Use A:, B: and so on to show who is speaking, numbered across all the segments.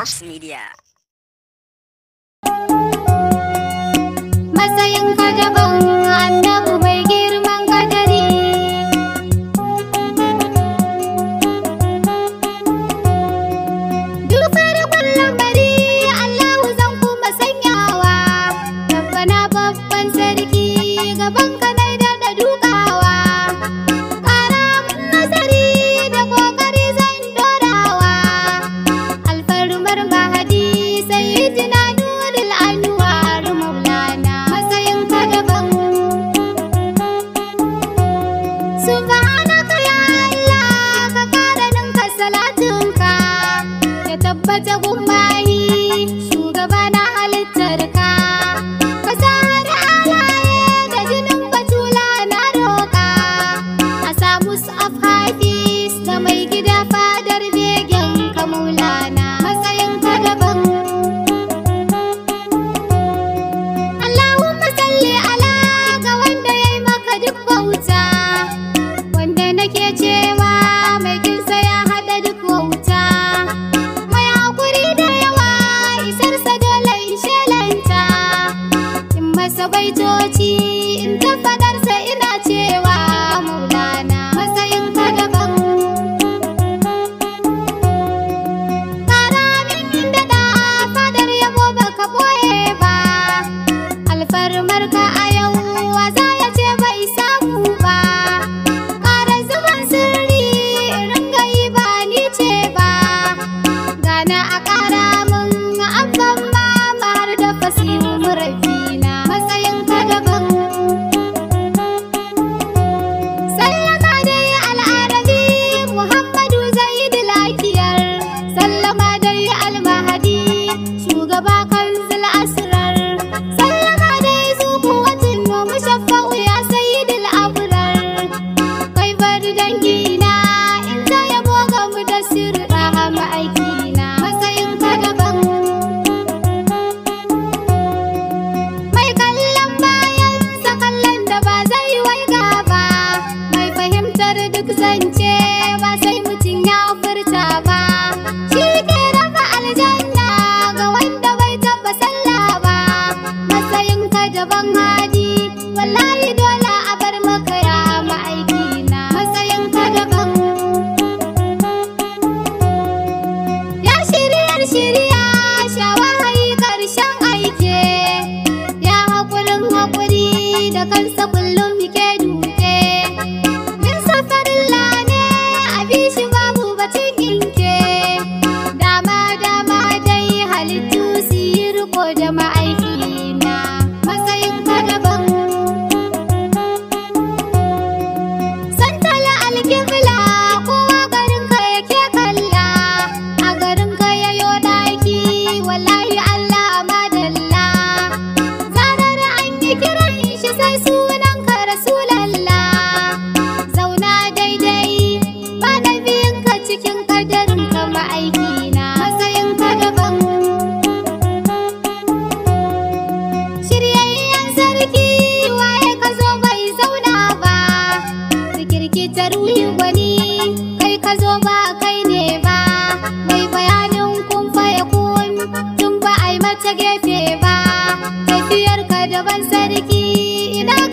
A: House Media. Masa yang kagak बजाऊ da kansa kullum shi sai sunan ka rasulan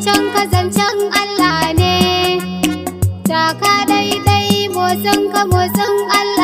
A: zancen ka zancen Allah ne, taka daidai motsin ka motsin Allah.